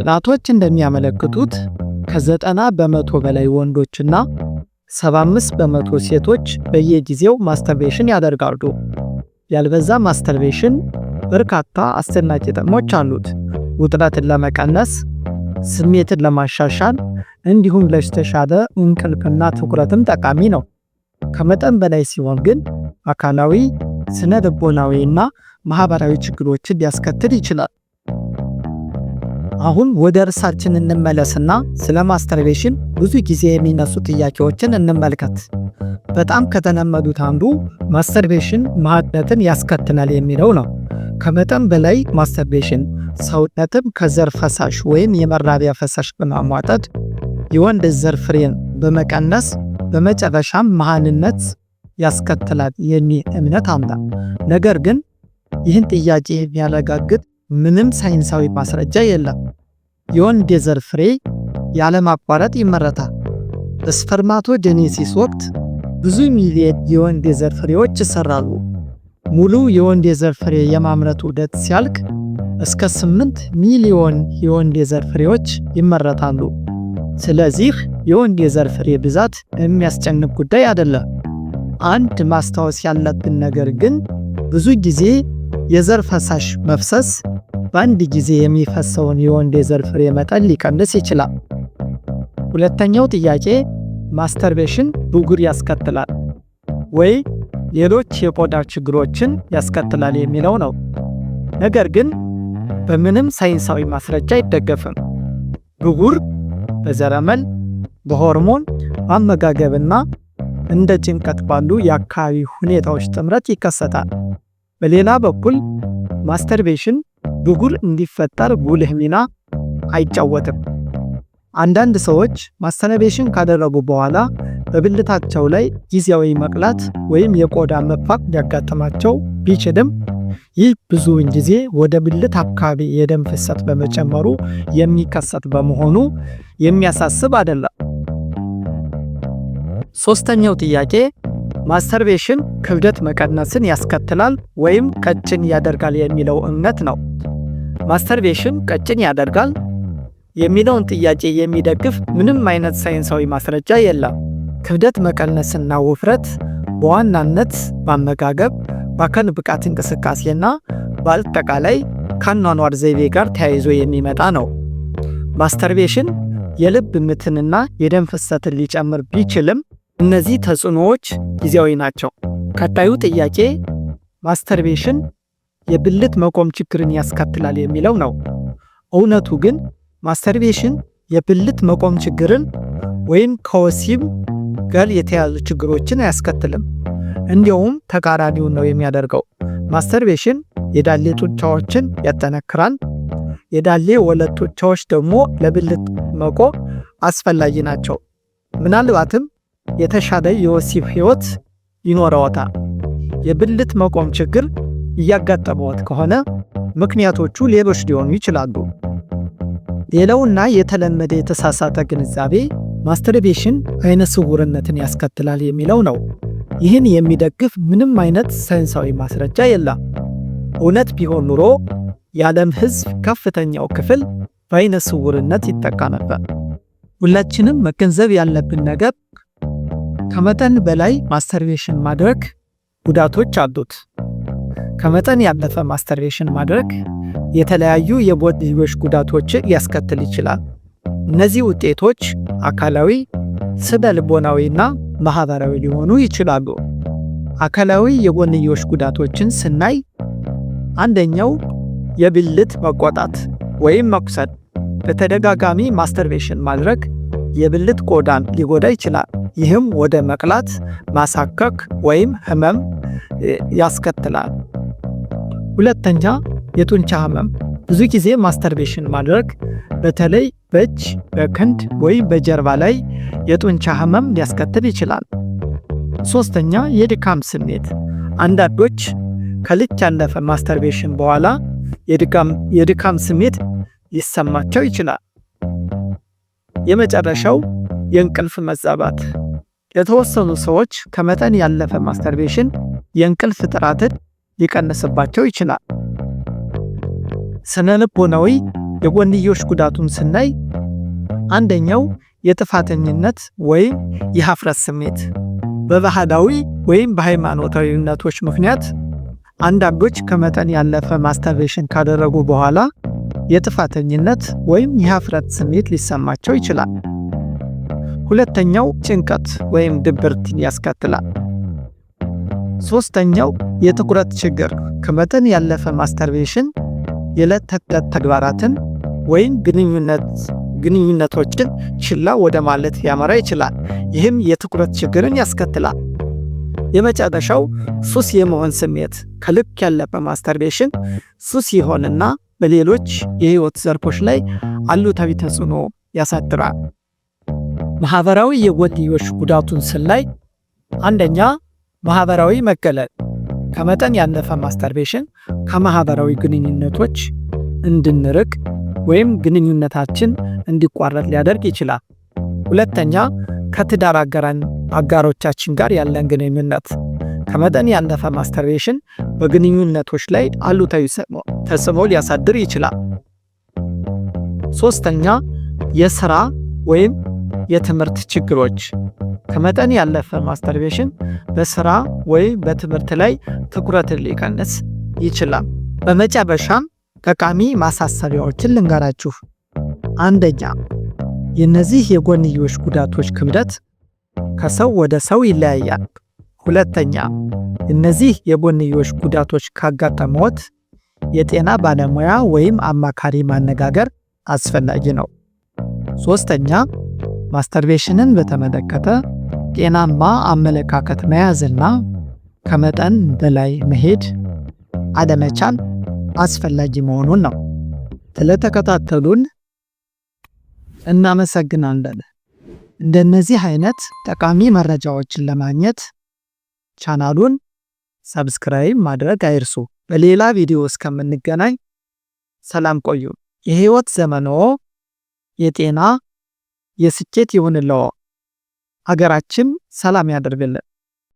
ጥናቶች እንደሚያመለክቱት ከዘጠና በመቶ በላይ ወንዶችና 75 በመቶ ሴቶች በየጊዜው ማስተርቤሽን ያደርጋሉ። ያልበዛ ማስተርቤሽን በርካታ አስደናቂ ጥቅሞች አሉት። ውጥረትን ለመቀነስ፣ ስሜትን ለማሻሻል እንዲሁም ለተሻለ እንቅልፍና ትኩረትም ጠቃሚ ነው። ከመጠን በላይ ሲሆን ግን አካላዊ፣ ስነ እና ማህበራዊ ችግሮችን ሊያስከትል ይችላል። አሁን ወደ እርሳችን እንመለስና ስለ ማስተርቤሽን ብዙ ጊዜ የሚነሱ ጥያቄዎችን እንመልከት። በጣም ከተለመዱት አንዱ ማስተርቤሽን ማዕድነትን ያስከትላል የሚለው ነው። ከመጠን በላይ ማስተርቤሽን ሰውነትም ከዘር ፈሳሽ ወይም የመራቢያ ፈሳሽ በማሟጠጥ የወንድ ዘር ፍሬን በመቀነስ በመጨረሻም መሃንነት ያስከትላል የሚል እምነት አምና ነገር ግን ይህን ጥያቄ የሚያረጋግጥ ምንም ሳይንሳዊ ማስረጃ የለም። የወንድ የዘር ፍሬ ያለማቋረጥ ይመረታል። ጀኔሲስ ወቅት ብዙ ሚሊየን የወንድ የዘር ፍሬዎች ይሰራሉ። ሙሉ የወንድ የዘር ፍሬ የማምረት ውደት ሲያልቅ እስከ 8 ሚሊዮን የወንድ የዘር ፍሬዎች ይመረታሉ። ስለዚህ የወንድ የዘር ፍሬ ብዛት የሚያስጨንቅ ጉዳይ አይደለም። አንድ ማስታወስ ያለብን ነገር ግን ብዙ ጊዜ የዘር ፈሳሽ መፍሰስ በአንድ ጊዜ የሚፈሰውን የወንድ የዘር ፍሬ መጠን ሊቀንስ ይችላል። ሁለተኛው ጥያቄ ማስተርቤሽን ብጉር ያስከትላል ወይ ሌሎች የቆዳ ችግሮችን ያስከትላል የሚለው ነው። ነገር ግን በምንም ሳይንሳዊ ማስረጃ አይደገፍም። ብጉር በዘረመል በሆርሞን አመጋገብና እንደ ጭንቀት ባሉ የአካባቢ ሁኔታዎች ጥምረት ይከሰታል። በሌላ በኩል ማስተርቤሽን ብጉር እንዲፈጠር ጉልህ ሚና አይጫወትም። አንዳንድ ሰዎች ማስተርቤሽን ካደረጉ በኋላ በብልታቸው ላይ ጊዜያዊ መቅላት ወይም የቆዳ መፋቅ ሊያጋጥማቸው ቢችልም ይህ ብዙውን ጊዜ ወደ ብልት አካባቢ የደም ፍሰት በመጨመሩ የሚከሰት በመሆኑ የሚያሳስብ አይደለም። ሶስተኛው ጥያቄ ማስተርቤሽን ክብደት መቀነስን ያስከትላል ወይም ቀጭን ያደርጋል የሚለው እምነት ነው። ማስተርቤሽን ቀጭን ያደርጋል የሚለውን ጥያቄ የሚደግፍ ምንም አይነት ሳይንሳዊ ማስረጃ የለም። ክብደት መቀነስና ውፍረት በዋናነት በአመጋገብ፣ በአካል ብቃት እንቅስቃሴና በአጠቃላይ ከአኗኗር ዘይቤ ጋር ተያይዞ የሚመጣ ነው። ማስተርቤሽን የልብ ምትንና የደም ፍሰትን ሊጨምር ቢችልም እነዚህ ተጽዕኖዎች ጊዜያዊ ናቸው። ቀጣዩ ጥያቄ ማስተርቤሽን የብልት መቆም ችግርን ያስከትላል የሚለው ነው። እውነቱ ግን ማስተርቤሽን የብልት መቆም ችግርን ወይም ከወሲብ ጋር የተያዙ ችግሮችን አያስከትልም። እንዲሁም ተቃራኒውን ነው የሚያደርገው። ማስተርቤሽን የዳሌ ጡንቻዎችን ያጠነክራል። የዳሌ ወለቶቻዎች ደግሞ ለብልት መቆም አስፈላጊ ናቸው። ምናልባትም የተሻለ የወሲብ ሕይወት ይኖረዎታል። የብልት መቆም ችግር እያጋጠመዎት ከሆነ ምክንያቶቹ ሌሎች ሊሆኑ ይችላሉ። ሌላውና የተለመደ የተሳሳተ ግንዛቤ ማስተርቤሽን አይነ ስውርነትን ያስከትላል የሚለው ነው። ይህን የሚደግፍ ምንም አይነት ሳይንሳዊ ማስረጃ የለም። እውነት ቢሆን ኑሮ የዓለም ሕዝብ ከፍተኛው ክፍል በአይነ ስውርነት ይጠቃ ነበር። ሁላችንም መገንዘብ ያለብን ነገር ከመጠን በላይ ማስተርቤሽን ማድረግ ጉዳቶች አሉት። ከመጠን ያለፈ ማስተርቤሽን ማድረግ የተለያዩ የቦድ ሌሎች ጉዳቶች ሊያስከትል ይችላል። እነዚህ ውጤቶች አካላዊ፣ ስነ ልቦናዊና ማህበራዊ ሊሆኑ ይችላሉ። አካላዊ የጎንዮሽ ጉዳቶችን ስናይ አንደኛው የብልት መቆጣት ወይም መቁሰል፣ በተደጋጋሚ ማስተርቤሽን ማድረግ የብልት ቆዳን ሊጎዳ ይችላል። ይህም ወደ መቅላት፣ ማሳከክ ወይም ህመም ያስከትላል። ሁለተኛ የጡንቻ ህመም። ብዙ ጊዜ ማስተርቤሽን ማድረግ በተለይ በእጅ በክንድ ወይም በጀርባ ላይ የጡንቻ ህመም ሊያስከትል ይችላል። ሶስተኛ የድካም ስሜት። አንዳንዶች ከልክ ያለፈ ማስተርቤሽን በኋላ የድካም ስሜት ሊሰማቸው ይችላል። የመጨረሻው የእንቅልፍ መዛባት። የተወሰኑ ሰዎች ከመጠን ያለፈ ማስተርቤሽን የእንቅልፍ ጥራትን ሊቀንስባቸው ይችላል። ስነ ልቦናዊ የጎንዮሽ ጉዳቱን ስናይ አንደኛው የጥፋተኝነት ወይም የሀፍረት ስሜት በባህላዊ ወይም በሃይማኖታዊነቶች ምክንያት አንዳንዶች ከመጠን ያለፈ ማስተርቤሽን ካደረጉ በኋላ የጥፋተኝነት ወይም የሀፍረት ስሜት ሊሰማቸው ይችላል። ሁለተኛው ጭንቀት ወይም ድብርትን ያስከትላል። ሶስተኛው የትኩረት ችግር ከመጠን ያለፈ ማስተርቤሽን፣ የዕለት ተዕለት ተግባራትን ወይም ግንኙነቶችን ችላ ወደ ማለት ያመራ ይችላል። ይህም የትኩረት ችግርን ያስከትላል። የመጨረሻው ሱስ የመሆን ስሜት ከልክ ያለፈ ማስተርቤሽን ሱስ ይሆንና በሌሎች የህይወት ዘርፎች ላይ አሉታዊ ተጽዕኖ ያሳድራል። ማህበራዊ የጎንዮሽ ጉዳቱን ስናይ አንደኛ ማህበራዊ መገለል፣ ከመጠን ያለፈ ማስተርቤሽን ከማህበራዊ ግንኙነቶች እንድንርቅ ወይም ግንኙነታችን እንዲቋረጥ ሊያደርግ ይችላል። ሁለተኛ ከትዳር አጋራን አጋሮቻችን ጋር ያለን ግንኙነት ከመጠን ያለፈ ማስተርቤሽን በግንኙነቶች ላይ አሉታዊ ተጽዕኖ ሊያሳድር ይችላል። ሶስተኛ የስራ ወይም የትምህርት ችግሮች ከመጠን ያለፈ ማስተርቤሽን በስራ ወይም በትምህርት ላይ ትኩረትን ሊቀንስ ይችላል። በመጨረሻም ጠቃሚ ማሳሰቢያዎችን ልንገራችሁ። አንደኛ የእነዚህ የጎንዮሽ ጉዳቶች ክብደት ከሰው ወደ ሰው ይለያያል። ሁለተኛ እነዚህ የጎንዮሽ ጉዳቶች ካጋጠመዎት የጤና ባለሙያ ወይም አማካሪ ማነጋገር አስፈላጊ ነው። ሶስተኛ ማስተርቤሽንን በተመለከተ ጤናማ አመለካከት መያዝና ከመጠን በላይ መሄድ አለመቻል አስፈላጊ መሆኑን ነው። ስለተከታተሉን እናመሰግናለን። እንደነዚህ አይነት ጠቃሚ መረጃዎችን ለማግኘት ቻናሉን ሰብስክራይብ ማድረግ አይርሱ። በሌላ ቪዲዮ እስከምንገናኝ ሰላም ቆዩ። የህይወት ዘመኖ የጤና የስኬት ይሁንልዎ። አገራችን ሰላም ያደርግልን።